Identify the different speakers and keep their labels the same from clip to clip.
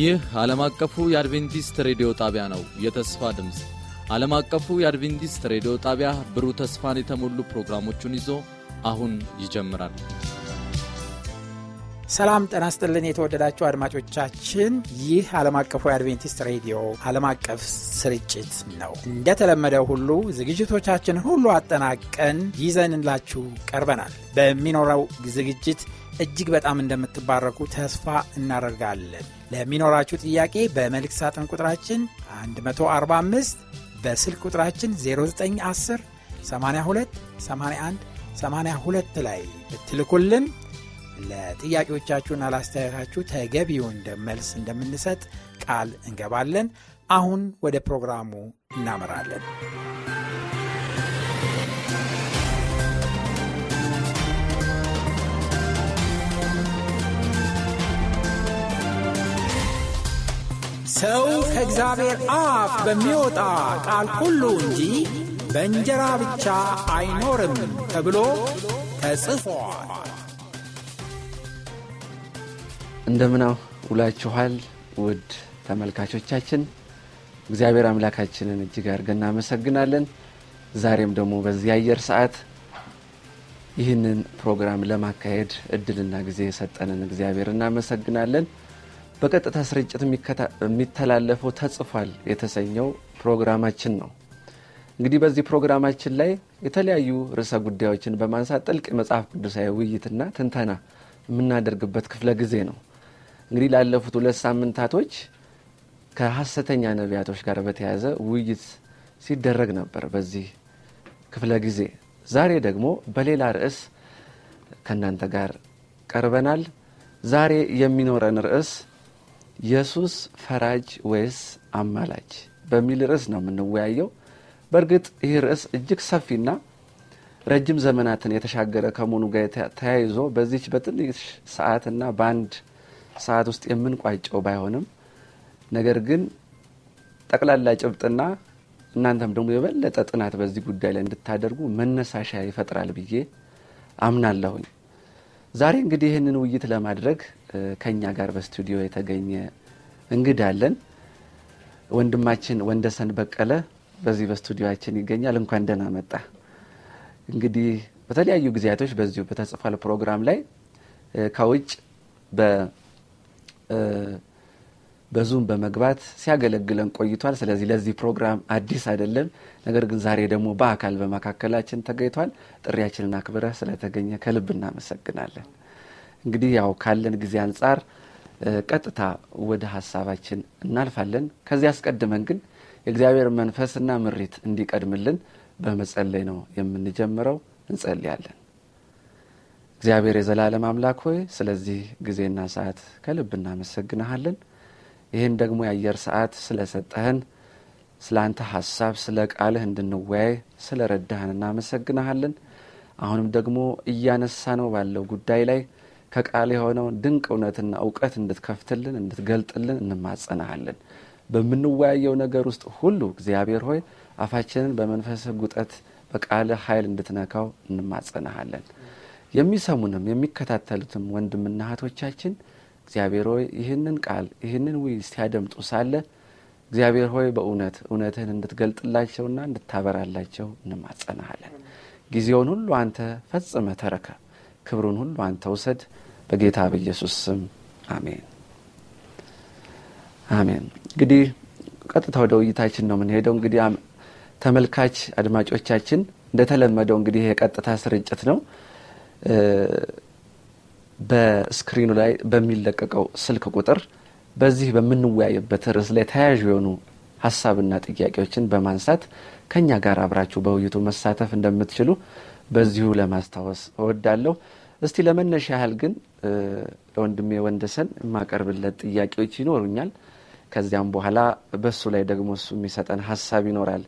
Speaker 1: ይህ ዓለም አቀፉ የአድቬንቲስት ሬዲዮ ጣቢያ ነው። የተስፋ ድምፅ ዓለም አቀፉ የአድቬንቲስት ሬዲዮ ጣቢያ ብሩህ ተስፋን የተሞሉ
Speaker 2: ፕሮግራሞቹን ይዞ አሁን ይጀምራል። ሰላም ጤና ስጥልን የተወደዳችሁ አድማጮቻችን፣ ይህ ዓለም አቀፉ የአድቬንቲስት ሬዲዮ ዓለም አቀፍ ስርጭት ነው። እንደተለመደው ሁሉ ዝግጅቶቻችን ሁሉ አጠናቀን ይዘንላችሁ ቀርበናል። በሚኖረው ዝግጅት እጅግ በጣም እንደምትባረኩ ተስፋ እናደርጋለን። ለሚኖራችሁ ጥያቄ በመልእክት ሳጥን ቁጥራችን 145 በስልክ ቁጥራችን 0910 82 81 82 ላይ ብትልኩልን ለጥያቄዎቻችሁና ላስተያየታችሁ ተገቢውን መልስ እንደምንሰጥ ቃል እንገባለን። አሁን ወደ ፕሮግራሙ እናመራለን። ሰው ከእግዚአብሔር አፍ በሚወጣ ቃል ሁሉ እንጂ በእንጀራ ብቻ አይኖርም ተብሎ ተጽፏል።
Speaker 1: እንደምናው ውላችኋል ውድ ተመልካቾቻችን። እግዚአብሔር አምላካችንን እጅግ አድርገን እናመሰግናለን። ዛሬም ደግሞ በዚህ አየር ሰዓት ይህንን ፕሮግራም ለማካሄድ እድልና ጊዜ የሰጠንን እግዚአብሔር እናመሰግናለን። በቀጥታ ስርጭት የሚተላለፈው ተጽፏል የተሰኘው ፕሮግራማችን ነው። እንግዲህ በዚህ ፕሮግራማችን ላይ የተለያዩ ርዕሰ ጉዳዮችን በማንሳት ጥልቅ የመጽሐፍ ቅዱሳዊ ውይይትና ትንተና የምናደርግበት ክፍለ ጊዜ ነው። እንግዲህ ላለፉት ሁለት ሳምንታቶች ከሐሰተኛ ነቢያቶች ጋር በተያያዘ ውይይት ሲደረግ ነበር በዚህ ክፍለ ጊዜ። ዛሬ ደግሞ በሌላ ርዕስ ከእናንተ ጋር ቀርበናል። ዛሬ የሚኖረን ርዕስ ኢየሱስ ፈራጅ ወይስ አማላጅ በሚል ርዕስ ነው የምንወያየው። በእርግጥ ይህ ርዕስ እጅግ ሰፊና ረጅም ዘመናትን የተሻገረ ከመሆኑ ጋር ተያይዞ በዚች በትንሽ ሰዓትና በአንድ ሰዓት ውስጥ የምንቋጨው ባይሆንም ነገር ግን ጠቅላላ ጭብጥና እናንተም ደግሞ የበለጠ ጥናት በዚህ ጉዳይ ላይ እንድታደርጉ መነሳሻ ይፈጥራል ብዬ አምናለሁኝ። ዛሬ እንግዲህ ይህንን ውይይት ለማድረግ ከኛ ጋር በስቱዲዮ የተገኘ እንግዳ አለን። ወንድማችን ወንደሰን በቀለ በዚህ በስቱዲዮችን ይገኛል። እንኳን ደህና መጣ። እንግዲህ በተለያዩ ጊዜያቶች በዚሁ በተጽፏል ፕሮግራም ላይ ከውጭ በዙም በመግባት ሲያገለግለን ቆይቷል። ስለዚህ ለዚህ ፕሮግራም አዲስ አይደለም። ነገር ግን ዛሬ ደግሞ በአካል በመካከላችን ተገኝቷል። ጥሪያችንን አክብረህ ስለተገኘ ከልብ እናመሰግናለን። እንግዲህ ያው ካለን ጊዜ አንጻር ቀጥታ ወደ ሀሳባችን እናልፋለን። ከዚህ አስቀድመን ግን የእግዚአብሔር መንፈስና ምሪት እንዲቀድምልን በመጸለይ ነው የምንጀምረው። እንጸልያለን። እግዚአብሔር የዘላለም አምላክ ሆይ ስለዚህ ጊዜና ሰዓት ከልብ እናመሰግንሃለን። ይህን ደግሞ የአየር ሰዓት ስለሰጠህን ስለ አንተ ሀሳብ ስለ ቃልህ እንድንወያይ ስለ ረዳህን እናመሰግንሃለን። አሁንም ደግሞ እያነሳ ነው ባለው ጉዳይ ላይ ከቃል የሆነውን ድንቅ እውነትና እውቀት እንድትከፍትልን እንድትገልጥልን እንማጸናሃለን። በምንወያየው ነገር ውስጥ ሁሉ እግዚአብሔር ሆይ አፋችንን በመንፈስ ጉጠት በቃል ኃይል እንድትነካው እንማጸናሃለን። የሚሰሙንም የሚከታተሉትም ወንድምና እግዚአብሔር ሆይ ይህንን ቃል ይህንን ውይ ሲያደምጡ ሳለ እግዚአብሔር ሆይ በእውነት እውነትህን እንድትገልጥላቸውና እንድታበራላቸው እንማጸናሃለን። ጊዜውን ሁሉ አንተ ፈጽመ ተረከ ክብሩን ሁሉ አንተ ውሰድ በጌታ በኢየሱስ ስም አሜን አሜን እንግዲህ ቀጥታ ወደ ውይይታችን ነው የምንሄደው እንግዲህ ተመልካች አድማጮቻችን እንደተለመደው እንግዲህ የቀጥታ ስርጭት ነው በስክሪኑ ላይ በሚለቀቀው ስልክ ቁጥር በዚህ በምንወያይበት ርዕስ ላይ ተያያዥ የሆኑ ሀሳብና ጥያቄዎችን በማንሳት ከእኛ ጋር አብራችሁ በውይይቱ መሳተፍ እንደምትችሉ በዚሁ ለማስታወስ እወዳለሁ እስቲ ለመነሻ ያህል ግን ለወንድሜ ወንደሰን የማቀርብለት ጥያቄዎች ይኖሩኛል። ከዚያም በኋላ በሱ ላይ ደግሞ እሱ የሚሰጠን ሀሳብ ይኖራል።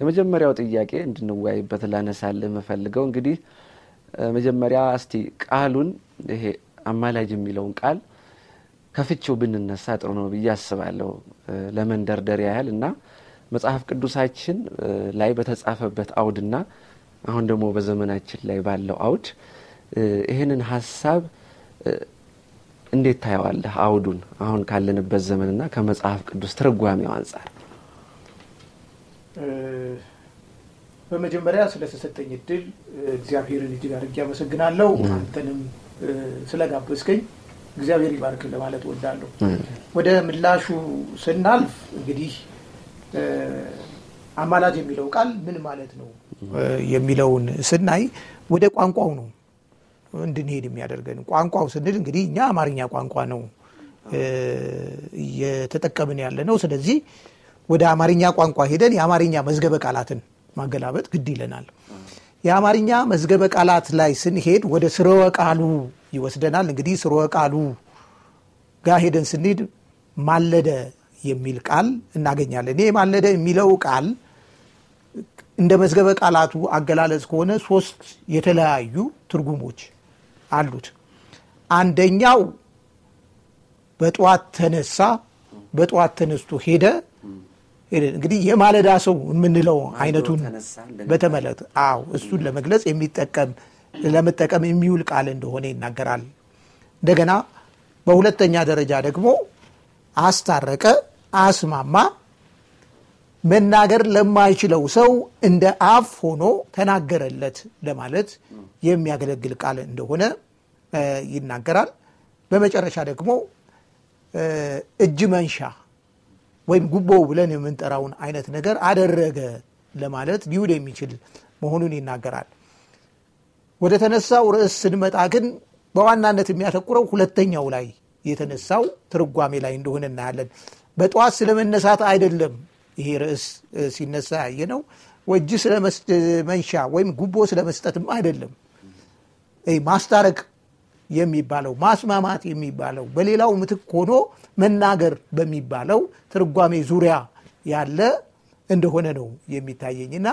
Speaker 1: የመጀመሪያው ጥያቄ እንድንወያይበት ላነሳል የምፈልገው እንግዲህ መጀመሪያ እስቲ ቃሉን ይሄ አማላጅ የሚለውን ቃል ከፍቼው ብንነሳ ጥሩ ነው ብዬ አስባለሁ ለመንደርደሪያ ያህል እና መጽሐፍ ቅዱሳችን ላይ በተጻፈበት አውድና አሁን ደግሞ በዘመናችን ላይ ባለው አውድ ይህንን ሀሳብ እንዴት ታየዋለህ? አውዱን አሁን ካለንበት ዘመንና ከመጽሐፍ ቅዱስ ትርጓሜው አንጻር።
Speaker 3: በመጀመሪያ ስለተሰጠኝ እድል እግዚአብሔርን እጅግ አድርጌ አመሰግናለሁ። አንተንም ስለጋበዝከኝ እግዚአብሔር ይባርክ ለማለት ወዳለሁ ወደ ምላሹ ስናልፍ እንግዲህ አማላጅ የሚለው ቃል ምን ማለት ነው የሚለውን ስናይ ወደ ቋንቋው ነው እንድንሄድ የሚያደርገን ቋንቋው ስንል እንግዲህ እኛ አማርኛ ቋንቋ ነው እየተጠቀምን ያለ ነው። ስለዚህ ወደ አማርኛ ቋንቋ ሄደን የአማርኛ መዝገበ ቃላትን ማገላበጥ ግድ ይለናል። የአማርኛ መዝገበ ቃላት ላይ ስንሄድ ወደ ስርወ ቃሉ ይወስደናል። እንግዲህ ስርወ ቃሉ ጋር ሄደን ስንሄድ ማለደ የሚል ቃል እናገኛለን። ይህ ማለደ የሚለው ቃል እንደ መዝገበ ቃላቱ አገላለጽ ከሆነ ሶስት የተለያዩ ትርጉሞች አሉት። አንደኛው በጠዋት ተነሳ፣ በጠዋት ተነስቶ ሄደ። እንግዲህ የማለዳ ሰው የምንለው አይነቱን በተመለከተ አዎ፣ እሱን ለመግለጽ የሚጠቀም ለመጠቀም የሚውል ቃል እንደሆነ ይናገራል። እንደገና በሁለተኛ ደረጃ ደግሞ አስታረቀ፣ አስማማ መናገር ለማይችለው ሰው እንደ አፍ ሆኖ ተናገረለት ለማለት የሚያገለግል ቃል እንደሆነ ይናገራል። በመጨረሻ ደግሞ እጅ መንሻ ወይም ጉቦ ብለን የምንጠራውን አይነት ነገር አደረገ ለማለት ሊውል የሚችል መሆኑን ይናገራል። ወደ ተነሳው ርዕስ ስንመጣ ግን በዋናነት የሚያተኩረው ሁለተኛው ላይ የተነሳው ትርጓሜ ላይ እንደሆነ እናያለን። በጠዋት ስለመነሳት አይደለም ይሄ ርዕስ ሲነሳ ያየ ነው። ወጅ ስለመንሻ ወይም ጉቦ ስለመስጠትም አይደለም ማስታረቅ የሚባለው ማስማማት የሚባለው በሌላው ምትክ ሆኖ መናገር በሚባለው ትርጓሜ ዙሪያ ያለ እንደሆነ ነው የሚታየኝና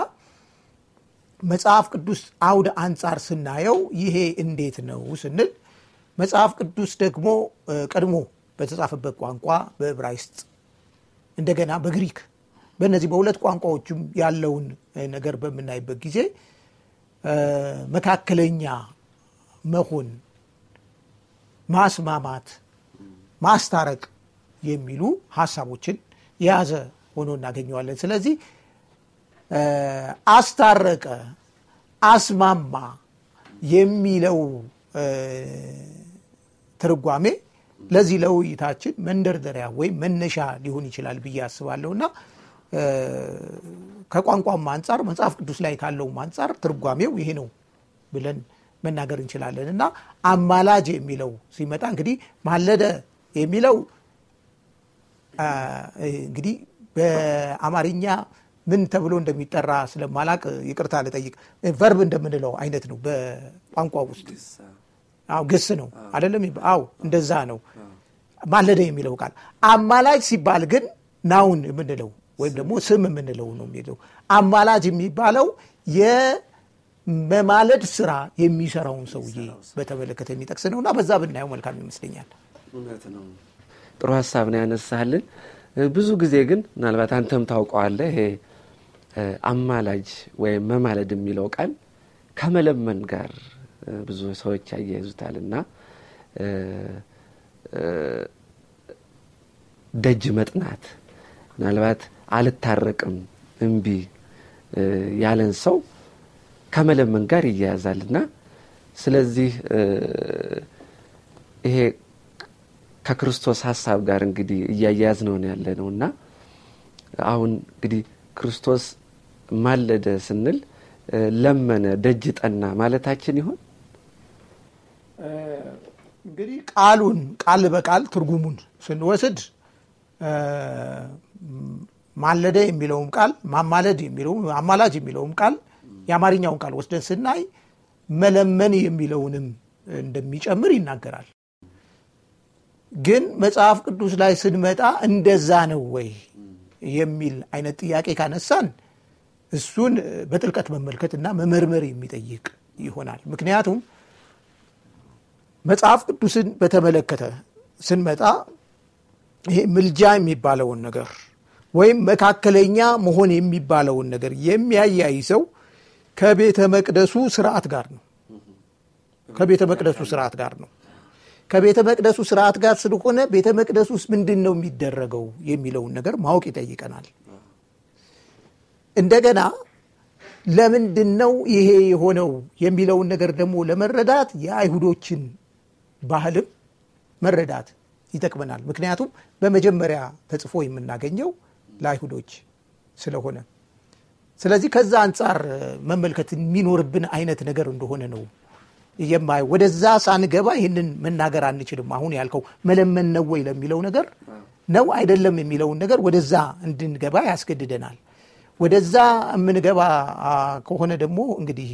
Speaker 3: መጽሐፍ ቅዱስ አውድ አንጻር ስናየው ይሄ እንዴት ነው ስንል መጽሐፍ ቅዱስ ደግሞ ቀድሞ በተጻፈበት ቋንቋ በዕብራይስጥ እንደገና በግሪክ በእነዚህ በሁለት ቋንቋዎችም ያለውን ነገር በምናይበት ጊዜ መካከለኛ መሆን፣ ማስማማት፣ ማስታረቅ የሚሉ ሀሳቦችን የያዘ ሆኖ እናገኘዋለን። ስለዚህ አስታረቀ፣ አስማማ የሚለው ትርጓሜ ለዚህ ለውይይታችን መንደርደሪያ ወይም መነሻ ሊሆን ይችላል ብዬ አስባለሁ ና። ከቋንቋም አንጻር መጽሐፍ ቅዱስ ላይ ካለው አንጻር ትርጓሜው ይሄ ነው ብለን መናገር እንችላለን እና አማላጅ የሚለው ሲመጣ እንግዲህ ማለደ የሚለው እንግዲህ በአማርኛ ምን ተብሎ እንደሚጠራ ስለማላቅ ይቅርታ ልጠይቅ። ቨርብ እንደምንለው አይነት ነው በቋንቋ ውስጥ አዎ፣ ግስ ነው አይደለም? አዎ፣ እንደዛ ነው ማለደ የሚለው ቃል። አማላጅ ሲባል ግን ናውን የምንለው ወይም ደግሞ ስም የምንለው ነው የሚለው አማላጅ የሚባለው የመማለድ ስራ የሚሰራውን ሰውዬ በተመለከተ የሚጠቅስ ነው እና በዛ ብናየው መልካም ይመስለኛል።
Speaker 1: ጥሩ ሀሳብ ነው ያነሳልን። ብዙ ጊዜ ግን ምናልባት አንተም ታውቀዋለ ይሄ አማላጅ ወይም መማለድ የሚለው ቃል ከመለመን ጋር ብዙ ሰዎች ያያይዙታል እና ደጅ መጥናት ምናልባት አልታረቅም እምቢ ያለን ሰው ከመለመን ጋር ይያያዛልና ስለዚህ ይሄ ከክርስቶስ ሀሳብ ጋር እንግዲህ እያያያዝ ነውን ያለ ነው እና አሁን እንግዲህ ክርስቶስ ማለደ ስንል ለመነ፣ ደጅ ጠና ማለታችን ይሆን?
Speaker 3: እንግዲህ ቃሉን ቃል በቃል ትርጉሙን ስንወስድ ማለደ የሚለውም ቃል ማማለድ የሚለው አማላጅ የሚለውም ቃል የአማርኛውን ቃል ወስደን ስናይ መለመን የሚለውንም እንደሚጨምር ይናገራል። ግን መጽሐፍ ቅዱስ ላይ ስንመጣ እንደዛ ነው ወይ የሚል አይነት ጥያቄ ካነሳን እሱን በጥልቀት መመልከት እና መመርመር የሚጠይቅ ይሆናል። ምክንያቱም መጽሐፍ ቅዱስን በተመለከተ ስንመጣ ይሄ ምልጃ የሚባለውን ነገር ወይም መካከለኛ መሆን የሚባለውን ነገር ሰው ከቤተ መቅደሱ ስርዓት ጋር ነው። ከቤተ መቅደሱ ስርዓት ጋር ነው። ከቤተ መቅደሱ ስርዓት ጋር ስለሆነ ቤተ መቅደሱ ውስጥ ምንድን ነው የሚደረገው የሚለውን ነገር ማወቅ ይጠይቀናል። እንደገና ለምንድን ነው ይሄ የሆነው የሚለውን ነገር ደግሞ ለመረዳት የአይሁዶችን ባህልም መረዳት ይጠቅመናል። ምክንያቱም በመጀመሪያ ተጽፎ የምናገኘው ለአይሁዶች ስለሆነ ስለዚህ ከዛ አንጻር መመልከት የሚኖርብን አይነት ነገር እንደሆነ ነው የማየ ወደዛ ሳንገባ ይህንን መናገር አንችልም። አሁን ያልከው መለመን ነው ወይ ለሚለው ነገር ነው አይደለም የሚለውን ነገር ወደዛ እንድንገባ ያስገድደናል። ወደዛ የምንገባ ከሆነ ደግሞ እንግዲህ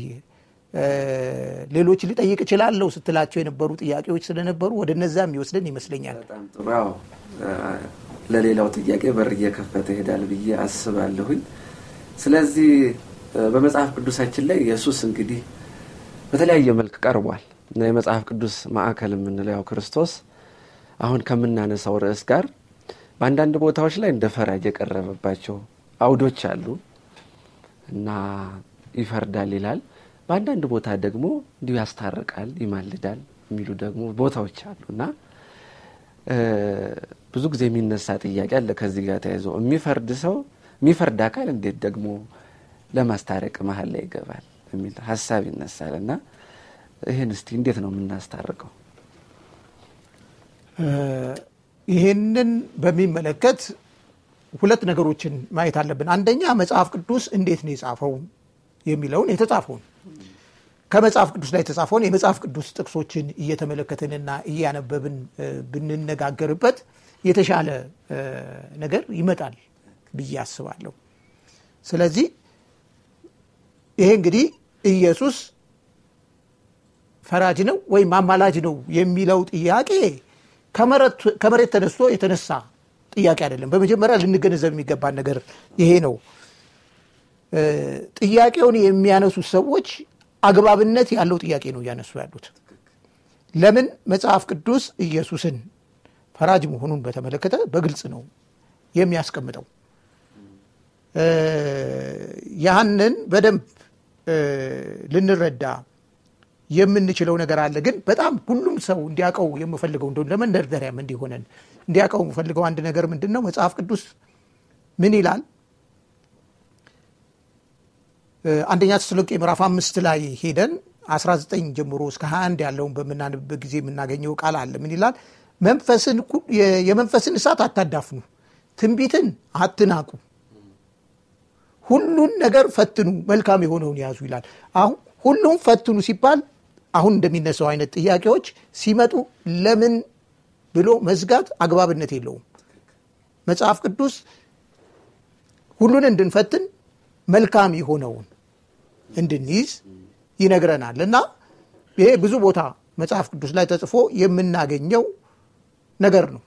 Speaker 3: ሌሎች ሊጠይቅ እችላለሁ ስትላቸው የነበሩ ጥያቄዎች ስለነበሩ ወደ የሚወስደን ይመስለኛል።
Speaker 1: ለሌላው ጥያቄ በር እየከፈተ ይሄዳል ብዬ አስባለሁኝ። ስለዚህ በመጽሐፍ ቅዱሳችን ላይ ኢየሱስ እንግዲህ በተለያየ መልክ ቀርቧል እና የመጽሐፍ ቅዱስ ማዕከል የምንለው ክርስቶስ አሁን ከምናነሳው ርዕስ ጋር በአንዳንድ ቦታዎች ላይ እንደ ፈራጅ የቀረበባቸው አውዶች አሉ እና ይፈርዳል ይላል። በአንዳንድ ቦታ ደግሞ እንዲሁ ያስታርቃል፣ ይማልዳል የሚሉ ደግሞ ቦታዎች አሉ እና ብዙ ጊዜ የሚነሳ ጥያቄ አለ ከዚህ ጋር ተያይዞ የሚፈርድ ሰው የሚፈርድ አካል እንዴት ደግሞ ለማስታረቅ መሀል ላይ ይገባል የሚል ሀሳብ ይነሳል እና ይህን እስቲ እንዴት ነው የምናስታርቀው?
Speaker 3: ይህንን በሚመለከት ሁለት ነገሮችን ማየት አለብን። አንደኛ መጽሐፍ ቅዱስ እንዴት ነው የጻፈው የሚለውን የተጻፈውን ከመጽሐፍ ቅዱስ ላይ የተጻፈውን የመጽሐፍ ቅዱስ ጥቅሶችን እየተመለከትንና እያነበብን ብንነጋገርበት የተሻለ ነገር ይመጣል ብዬ አስባለሁ። ስለዚህ ይሄ እንግዲህ ኢየሱስ ፈራጅ ነው ወይም አማላጅ ነው የሚለው ጥያቄ ከመሬት ተነስቶ የተነሳ ጥያቄ አይደለም። በመጀመሪያ ልንገነዘብ የሚገባን ነገር ይሄ ነው። ጥያቄውን የሚያነሱት ሰዎች አግባብነት ያለው ጥያቄ ነው እያነሱ ያሉት። ለምን መጽሐፍ ቅዱስ ኢየሱስን ፈራጅ መሆኑን በተመለከተ በግልጽ ነው የሚያስቀምጠው። ያንን በደንብ ልንረዳ የምንችለው ነገር አለ። ግን በጣም ሁሉም ሰው እንዲያውቀው የምፈልገው እንደሆነ ለመንደርደሪያም እንዲሆነን እንዲያውቀው የምፈልገው አንድ ነገር ምንድን ነው? መጽሐፍ ቅዱስ ምን ይላል? አንደኛ ተስሎቄ ምዕራፍ አምስት ላይ ሄደን 19 ጀምሮ እስከ 21 ያለውን በምናንብበት ጊዜ የምናገኘው ቃል አለ። ምን ይላል? የመንፈስን እሳት አታዳፍኑ ትንቢትን አትናቁ ሁሉን ነገር ፈትኑ መልካም የሆነውን ያዙ ይላል ሁሉም ፈትኑ ሲባል አሁን እንደሚነሳው አይነት ጥያቄዎች ሲመጡ ለምን ብሎ መዝጋት አግባብነት የለውም መጽሐፍ ቅዱስ ሁሉን እንድንፈትን መልካም የሆነውን እንድንይዝ ይነግረናል እና ይሄ ብዙ ቦታ መጽሐፍ ቅዱስ ላይ ተጽፎ የምናገኘው ነገር ነው።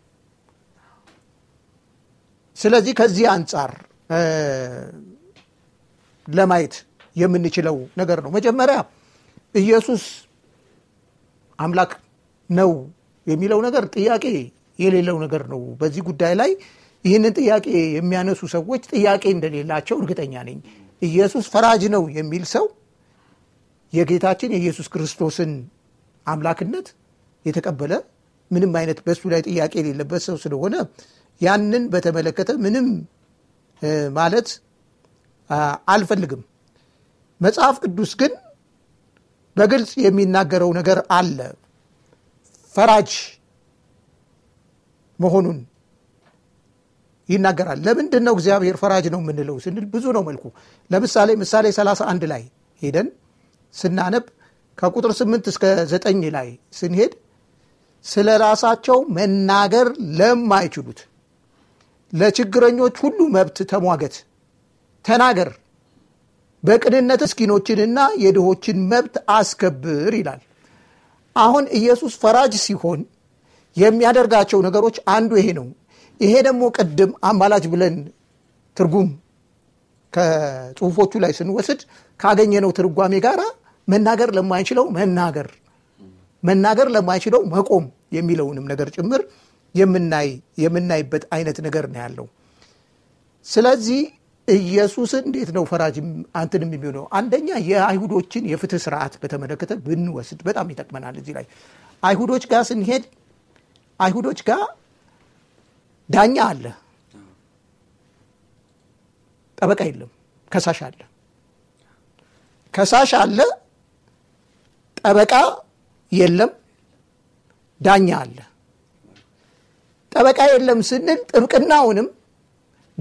Speaker 3: ስለዚህ ከዚህ አንጻር ለማየት የምንችለው ነገር ነው። መጀመሪያ ኢየሱስ አምላክ ነው የሚለው ነገር ጥያቄ የሌለው ነገር ነው። በዚህ ጉዳይ ላይ ይህንን ጥያቄ የሚያነሱ ሰዎች ጥያቄ እንደሌላቸው እርግጠኛ ነኝ። ኢየሱስ ፈራጅ ነው የሚል ሰው የጌታችን የኢየሱስ ክርስቶስን አምላክነት የተቀበለ ምንም አይነት በሱ ላይ ጥያቄ የሌለበት ሰው ስለሆነ ያንን በተመለከተ ምንም ማለት አልፈልግም። መጽሐፍ ቅዱስ ግን በግልጽ የሚናገረው ነገር አለ። ፈራጅ መሆኑን ይናገራል። ለምንድን ነው እግዚአብሔር ፈራጅ ነው የምንለው ስንል ብዙ ነው መልኩ። ለምሳሌ ምሳሌ 31 ላይ ሄደን ስናነብ ከቁጥር 8 እስከ 9 ላይ ስንሄድ ስለ ራሳቸው መናገር ለማይችሉት ለችግረኞች ሁሉ መብት ተሟገት፣ ተናገር፣ በቅንነት እስኪኖችንና የድሆችን መብት አስከብር ይላል። አሁን ኢየሱስ ፈራጅ ሲሆን የሚያደርጋቸው ነገሮች አንዱ ይሄ ነው። ይሄ ደግሞ ቅድም አማላጅ ብለን ትርጉም ከጽሁፎቹ ላይ ስንወስድ ካገኘነው ትርጓሜ ጋር መናገር ለማይችለው መናገር መናገር ለማይችለው መቆም የሚለውንም ነገር ጭምር የምናይ የምናይበት አይነት ነገር ነው ያለው። ስለዚህ ኢየሱስ እንዴት ነው ፈራጅ አንትንም የሚሆነው? አንደኛ የአይሁዶችን የፍትህ ስርዓት በተመለከተ ብንወስድ በጣም ይጠቅመናል። እዚህ ላይ አይሁዶች ጋር ስንሄድ አይሁዶች ጋር ዳኛ አለ፣ ጠበቃ የለም። ከሳሽ አለ፣ ከሳሽ አለ፣ ጠበቃ የለም ዳኛ አለ። ጠበቃ የለም ስንል ጥብቅናውንም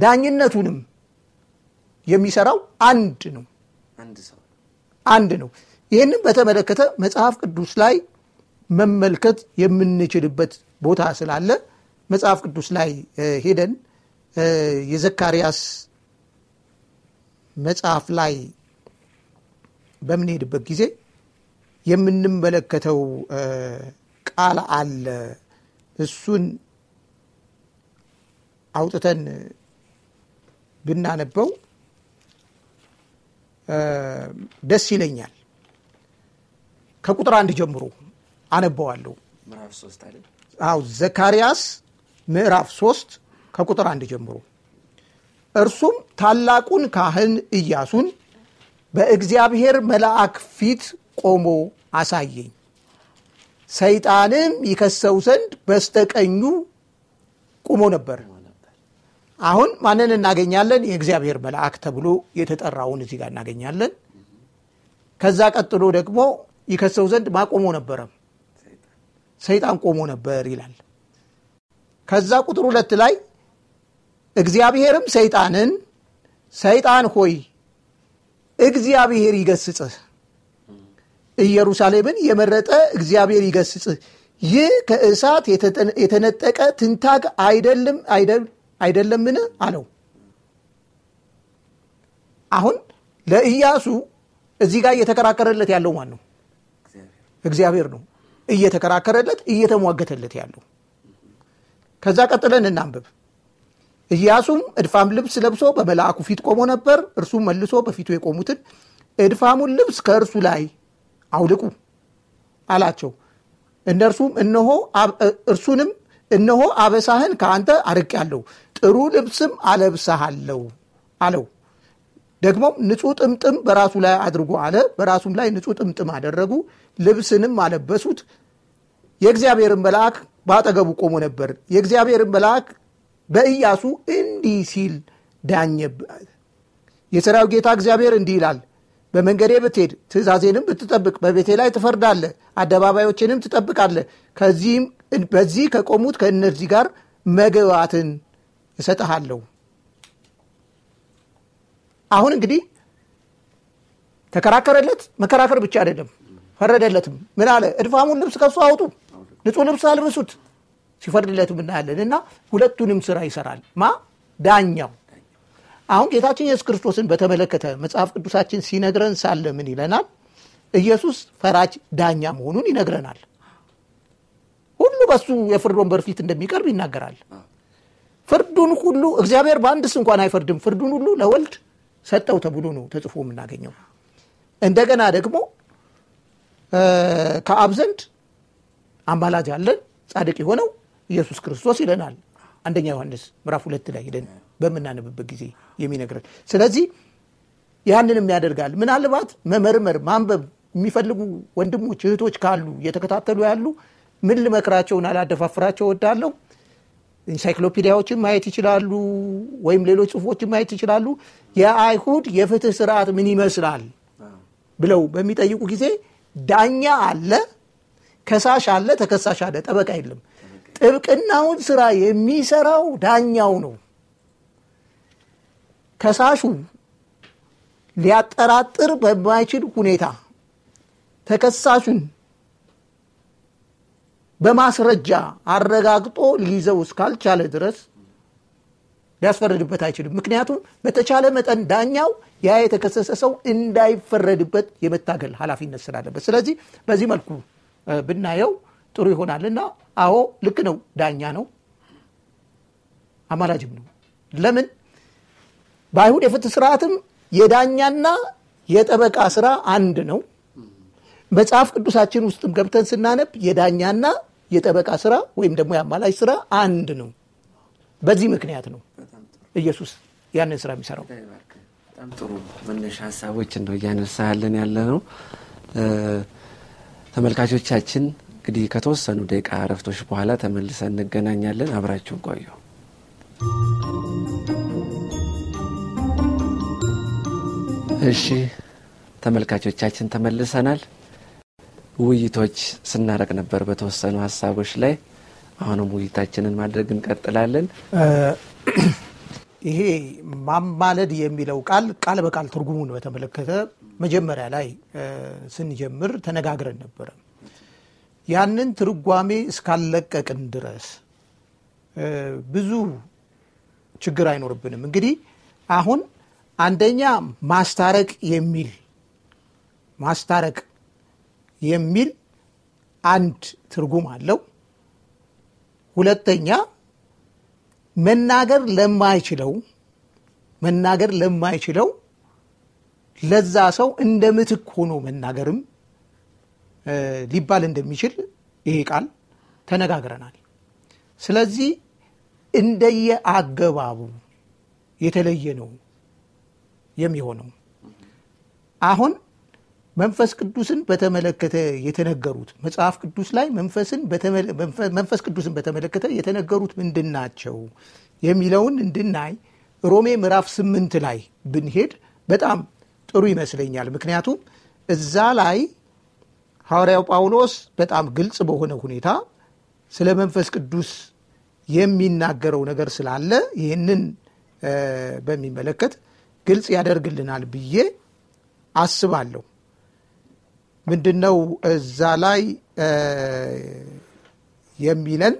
Speaker 3: ዳኝነቱንም የሚሰራው አንድ ነው አንድ ነው። ይህንም በተመለከተ መጽሐፍ ቅዱስ ላይ መመልከት የምንችልበት ቦታ ስላለ መጽሐፍ ቅዱስ ላይ ሄደን የዘካርያስ መጽሐፍ ላይ በምንሄድበት ጊዜ የምንመለከተው ቃል አለ። እሱን አውጥተን ብናነበው ደስ ይለኛል። ከቁጥር አንድ ጀምሮ አነበዋለሁ። አዎ ዘካርያስ ምዕራፍ ሶስት ከቁጥር አንድ ጀምሮ እርሱም ታላቁን ካህን እያሱን በእግዚአብሔር መልአክ ፊት ቆሞ አሳየኝ። ሰይጣንም ይከሰው ዘንድ በስተቀኙ ቁሞ ነበር። አሁን ማንን እናገኛለን? የእግዚአብሔር መልአክ ተብሎ የተጠራውን እዚህ ጋር እናገኛለን። ከዛ ቀጥሎ ደግሞ ይከሰው ዘንድ ማቆሞ ነበረም ሰይጣን ቆሞ ነበር ይላል። ከዛ ቁጥር ሁለት ላይ እግዚአብሔርም ሰይጣንን ሰይጣን ሆይ እግዚአብሔር ይገስጽህ ኢየሩሳሌምን የመረጠ እግዚአብሔር ይገስጽ ይህ ከእሳት የተነጠቀ ትንታግ አይደለምን አለው። አሁን ለኢያሱ እዚህ ጋር እየተከራከረለት ያለው ማን ነው? እግዚአብሔር ነው እየተከራከረለት እየተሟገተለት ያለው። ከዛ ቀጥለን እናንብብ። እያሱም እድፋም ልብስ ለብሶ በመልአኩ ፊት ቆሞ ነበር። እርሱም መልሶ በፊቱ የቆሙትን እድፋሙን ልብስ ከእርሱ ላይ አውልቁ አላቸው። እነርሱም እነሆ እርሱንም እነሆ አበሳህን ከአንተ አርቅ ያለው ጥሩ ልብስም አለብሰሃለው አለው። ደግሞም ንጹህ ጥምጥም በራሱ ላይ አድርጎ አለ። በራሱም ላይ ንጹህ ጥምጥም አደረጉ፣ ልብስንም አለበሱት። የእግዚአብሔርን መልአክ በአጠገቡ ቆሞ ነበር። የእግዚአብሔርን መልአክ በእያሱ እንዲህ ሲል ዳኘ። የሰራዊ ጌታ እግዚአብሔር እንዲህ ይላል በመንገዴ ብትሄድ ትእዛዜንም ብትጠብቅ በቤቴ ላይ ትፈርዳለህ፣ አደባባዮችንም ትጠብቃለህ። ከዚህም በዚህ ከቆሙት ከእነዚህ ጋር መግባትን እሰጥሃለሁ። አሁን እንግዲህ ተከራከረለት። መከራከር ብቻ አይደለም፣ ፈረደለትም። ምን አለ? እድፋሙን ልብስ ከሱ አውጡ፣ ንጹህ ልብስ አልብሱት። ሲፈርድለትም እናያለን። እና ሁለቱንም ስራ ይሰራል። ማ ዳኛው አሁን ጌታችን ኢየሱስ ክርስቶስን በተመለከተ መጽሐፍ ቅዱሳችን ሲነግረን ሳለ ምን ይለናል? ኢየሱስ ፈራጅ ዳኛ መሆኑን ይነግረናል። ሁሉ በሱ የፍርድ ወንበር ፊት እንደሚቀርብ ይናገራል። ፍርዱን ሁሉ እግዚአብሔር በአንድስ እንኳን አይፈርድም፣ ፍርዱን ሁሉ ለወልድ ሰጠው ተብሎ ነው ተጽፎ የምናገኘው። እንደገና ደግሞ ከአብ ዘንድ አማላጅ አለን ጻድቅ የሆነው ኢየሱስ ክርስቶስ ይለናል አንደኛ ዮሐንስ ምራፍ ሁለት ላይ ሄደን በምናነብበት ጊዜ የሚነግረን ስለዚህ ያንንም ያደርጋል ምናልባት መመርመር ማንበብ የሚፈልጉ ወንድሞች እህቶች ካሉ እየተከታተሉ ያሉ ምን ልመክራቸውን አላደፋፍራቸው ወዳለው ኢንሳይክሎፒዲያዎችን ማየት ይችላሉ ወይም ሌሎች ጽሁፎችን ማየት ይችላሉ የአይሁድ የፍትህ ስርዓት ምን ይመስላል ብለው በሚጠይቁ ጊዜ ዳኛ አለ ከሳሽ አለ ተከሳሽ አለ ጠበቃ የለም ጥብቅናውን ስራ የሚሰራው ዳኛው ነው ከሳሹ ሊያጠራጥር በማይችል ሁኔታ ተከሳሹን በማስረጃ አረጋግጦ ሊይዘው እስካልቻለ ድረስ ሊያስፈረድበት አይችልም። ምክንያቱም በተቻለ መጠን ዳኛው ያ የተከሰሰ ሰው እንዳይፈረድበት የመታገል ኃላፊነት ስላለበት፣ ስለዚህ በዚህ መልኩ ብናየው ጥሩ ይሆናል እና አዎ ልክ ነው። ዳኛ ነው፣ አማላጅም ነው። ለምን በአይሁድ የፍትህ ስርዓትም የዳኛና የጠበቃ ስራ አንድ ነው። መጽሐፍ ቅዱሳችን ውስጥም ገብተን ስናነብ የዳኛና የጠበቃ ስራ ወይም ደግሞ የአማላጅ ስራ አንድ ነው። በዚህ ምክንያት ነው ኢየሱስ ያንን ስራ የሚሰራው። በጣም ጥሩ
Speaker 1: መነሻ ሀሳቦችን ነው እያነሳለን ያለ ነው። ተመልካቾቻችን እንግዲህ ከተወሰኑ ደቂቃ ረፍቶች በኋላ ተመልሰን እንገናኛለን። አብራችሁን ቆዩ። እሺ ተመልካቾቻችን ተመልሰናል። ውይይቶች ስናረቅ ነበር በተወሰኑ ሀሳቦች ላይ። አሁንም ውይይታችንን ማድረግ እንቀጥላለን።
Speaker 3: ይሄ ማማለድ የሚለው ቃል ቃል በቃል ትርጉሙን በተመለከተ መጀመሪያ ላይ ስንጀምር ተነጋግረን ነበረ። ያንን ትርጓሜ እስካለቀቅን ድረስ ብዙ ችግር አይኖርብንም። እንግዲህ አሁን አንደኛ ማስታረቅ የሚል ማስታረቅ የሚል አንድ ትርጉም አለው። ሁለተኛ መናገር ለማይችለው መናገር ለማይችለው ለዛ ሰው እንደ ምትክ ሆኖ መናገርም ሊባል እንደሚችል ይሄ ቃል ተነጋግረናል። ስለዚህ እንደየ አገባቡ የተለየ ነው የሚሆነው። አሁን መንፈስ ቅዱስን በተመለከተ የተነገሩት መጽሐፍ ቅዱስ ላይ መንፈስ ቅዱስን በተመለከተ የተነገሩት ምንድን ናቸው የሚለውን እንድናይ ሮሜ ምዕራፍ ስምንት ላይ ብንሄድ በጣም ጥሩ ይመስለኛል። ምክንያቱም እዛ ላይ ሐዋርያው ጳውሎስ በጣም ግልጽ በሆነ ሁኔታ ስለ መንፈስ ቅዱስ የሚናገረው ነገር ስላለ ይህንን በሚመለከት ግልጽ ያደርግልናል ብዬ አስባለሁ። ምንድነው እዛ ላይ የሚለን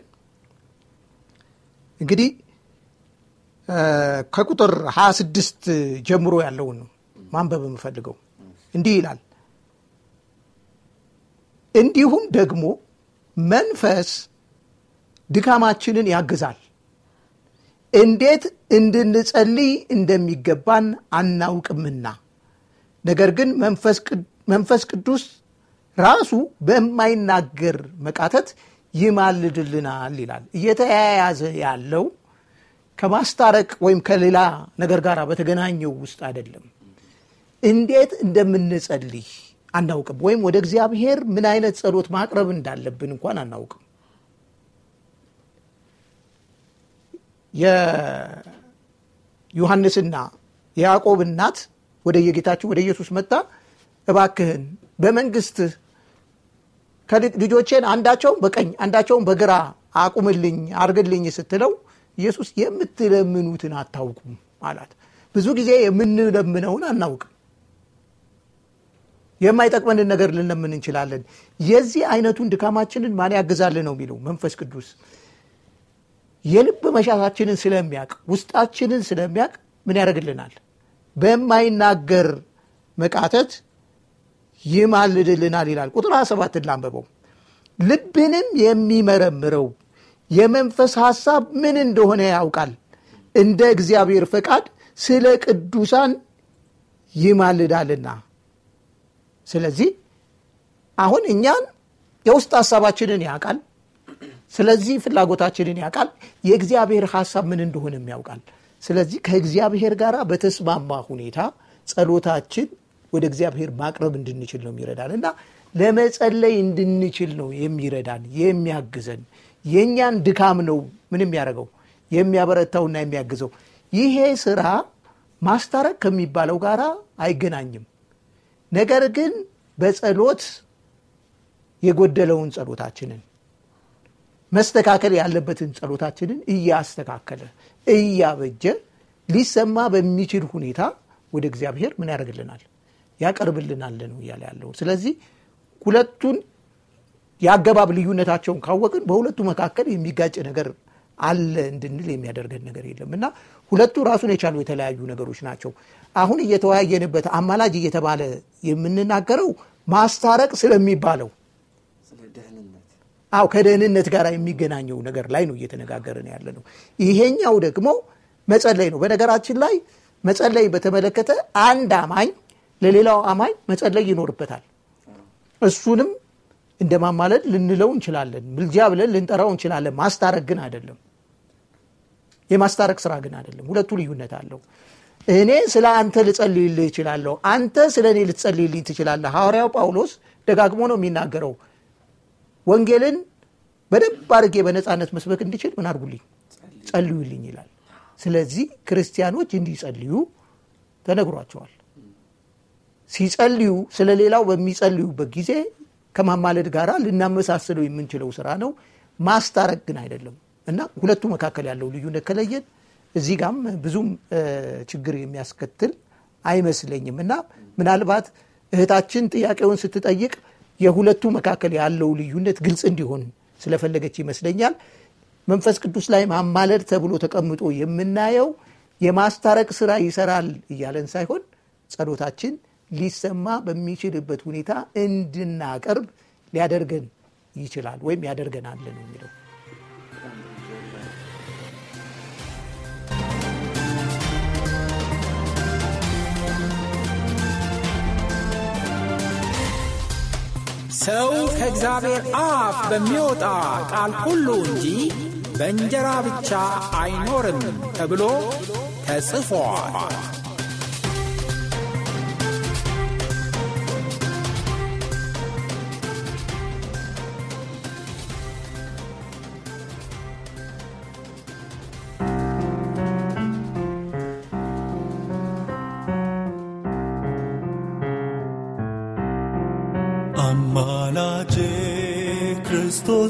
Speaker 3: እንግዲህ ከቁጥር 26 ጀምሮ ያለውን ነው ማንበብ የምፈልገው። እንዲህ ይላል፣ እንዲሁም ደግሞ መንፈስ ድካማችንን ያግዛል እንዴት እንድንጸልይ እንደሚገባን አናውቅምና፣ ነገር ግን መንፈስ ቅዱስ ራሱ በማይናገር መቃተት ይማልድልናል ይላል። እየተያያዘ ያለው ከማስታረቅ ወይም ከሌላ ነገር ጋር በተገናኘው ውስጥ አይደለም። እንዴት እንደምንጸልይ አናውቅም፣ ወይም ወደ እግዚአብሔር ምን አይነት ጸሎት ማቅረብ እንዳለብን እንኳን አናውቅም። የዮሐንስና የያዕቆብ እናት ወደ የጌታችን ወደ ኢየሱስ መጣ እባክህን በመንግስት ልጆቼን አንዳቸውን በቀኝ አንዳቸውን በግራ አቁምልኝ አርግልኝ ስትለው ኢየሱስ የምትለምኑትን አታውቁም አላት። ብዙ ጊዜ የምንለምነውን አናውቅም። የማይጠቅመንን ነገር ልንለምን እንችላለን። የዚህ አይነቱን ድካማችንን ማን ያግዛልን ነው የሚለው መንፈስ ቅዱስ። የልብ መሻታችንን ስለሚያቅ ውስጣችንን ስለሚያቅ ምን ያደርግልናል? በማይናገር መቃተት ይማልድልናል ይላል። ቁጥር ሰባትን ላንበበው። ልብንም የሚመረምረው የመንፈስ ሐሳብ ምን እንደሆነ ያውቃል፣ እንደ እግዚአብሔር ፈቃድ ስለ ቅዱሳን ይማልዳልና። ስለዚህ አሁን እኛን የውስጥ ሐሳባችንን ያውቃል ስለዚህ ፍላጎታችንን ያውቃል። የእግዚአብሔር ሀሳብ ምን እንደሆነም ያውቃል። ስለዚህ ከእግዚአብሔር ጋር በተስማማ ሁኔታ ጸሎታችን ወደ እግዚአብሔር ማቅረብ እንድንችል ነው የሚረዳን እና ለመጸለይ እንድንችል ነው የሚረዳን የሚያግዘን። የእኛን ድካም ነው ምን የሚያደርገው የሚያበረታውና የሚያግዘው። ይሄ ስራ ማስታረቅ ከሚባለው ጋር አይገናኝም። ነገር ግን በጸሎት የጎደለውን ጸሎታችንን መስተካከል ያለበትን ጸሎታችንን እያስተካከለ እያበጀ ሊሰማ በሚችል ሁኔታ ወደ እግዚአብሔር ምን ያደርግልናል ያቀርብልናል ነው እያለ ያለው ስለዚህ ሁለቱን የአገባብ ልዩነታቸውን ካወቅን በሁለቱ መካከል የሚጋጭ ነገር አለ እንድንል የሚያደርገን ነገር የለም እና ሁለቱ ራሱን የቻሉ የተለያዩ ነገሮች ናቸው አሁን እየተወያየንበት አማላጅ እየተባለ የምንናገረው ማስታረቅ ስለሚባለው አው ከደህንነት ጋር የሚገናኘው ነገር ላይ ነው እየተነጋገርን ያለ ነው። ይሄኛው ደግሞ መጸለይ ነው። በነገራችን ላይ መጸለይ በተመለከተ አንድ አማኝ ለሌላው አማኝ መጸለይ ይኖርበታል። እሱንም እንደማማለድ ልንለው እንችላለን፣ ምልጃ ብለን ልንጠራው እንችላለን። ማስታረቅ ግን አይደለም። የማስታረቅ ስራ ግን አይደለም። ሁለቱ ልዩነት አለው። እኔ ስለ አንተ ልጸልይልህ ይችላለሁ አንተ ስለ እኔ ልትጸልይልኝ ትችላለህ። ሐዋርያው ጳውሎስ ደጋግሞ ነው የሚናገረው ወንጌልን በደንብ አድርጌ በነፃነት መስበክ እንዲችል ምን አድርጉልኝ ጸልዩልኝ ይላል ስለዚህ ክርስቲያኖች እንዲጸልዩ ተነግሯቸዋል ሲጸልዩ ስለ ሌላው በሚጸልዩበት ጊዜ ከማማለድ ጋር ልናመሳስለው የምንችለው ስራ ነው ማስታረቅ ግን አይደለም እና ሁለቱ መካከል ያለው ልዩነት ከለየን እዚህ ጋም ብዙም ችግር የሚያስከትል አይመስለኝም እና ምናልባት እህታችን ጥያቄውን ስትጠይቅ የሁለቱ መካከል ያለው ልዩነት ግልጽ እንዲሆን ስለፈለገች ይመስለኛል መንፈስ ቅዱስ ላይ ማማለድ ተብሎ ተቀምጦ የምናየው የማስታረቅ ስራ ይሰራል እያለን ሳይሆን ጸሎታችን ሊሰማ በሚችልበት ሁኔታ እንድናቀርብ ሊያደርገን ይችላል ወይም ያደርገናል ነው የሚለው
Speaker 2: ሰው ከእግዚአብሔር አፍ በሚወጣ ቃል ሁሉ እንጂ በእንጀራ ብቻ አይኖርም ተብሎ ተጽፏል።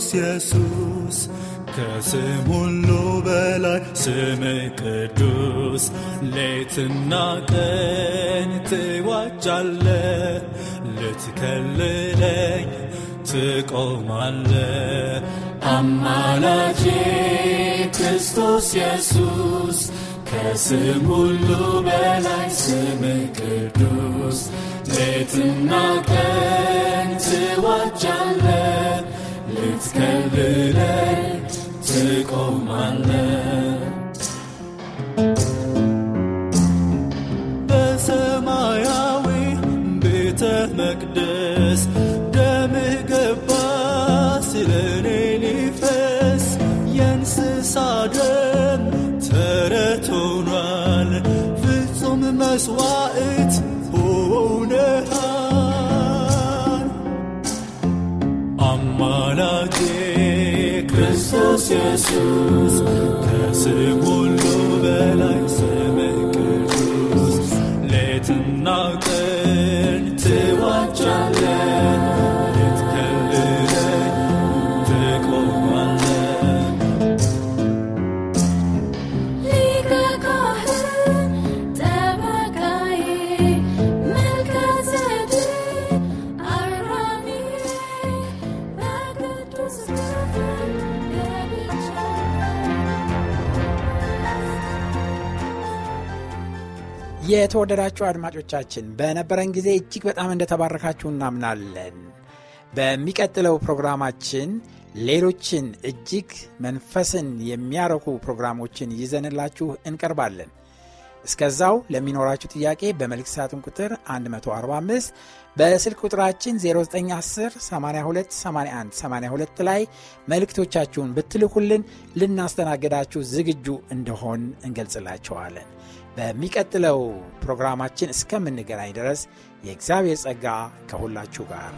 Speaker 1: ኢየሱስ ከስም ሁሉ በላይ ስም ቅዱስ፣ ሌትና
Speaker 3: ቀን ትዋጃለ፣ ልትከልለኝ ትቆማለ። አማላጄ
Speaker 1: ክርስቶስ ኢየሱስ ከስም ሁሉ በላይ ስም ቅዱስ፣ ሌትና ቀን ትዋጃለ ልትከልለን ትቆማለን
Speaker 3: ኢየሱስ
Speaker 1: ከስም ሁሉ በላይ
Speaker 2: የተወደዳችሁ አድማጮቻችን በነበረን ጊዜ እጅግ በጣም እንደተባረካችሁ እናምናለን። በሚቀጥለው ፕሮግራማችን ሌሎችን እጅግ መንፈስን የሚያረኩ ፕሮግራሞችን ይዘንላችሁ እንቀርባለን። እስከዛው ለሚኖራችሁ ጥያቄ በመልክ ሳጥን ቁጥር 145 በስልክ ቁጥራችን 0910828182 ላይ መልእክቶቻችሁን ብትልኩልን ልናስተናግዳችሁ ዝግጁ እንደሆን እንገልጽላችኋለን። በሚቀጥለው ፕሮግራማችን እስከምንገናኝ ድረስ የእግዚአብሔር ጸጋ ከሁላችሁ ጋር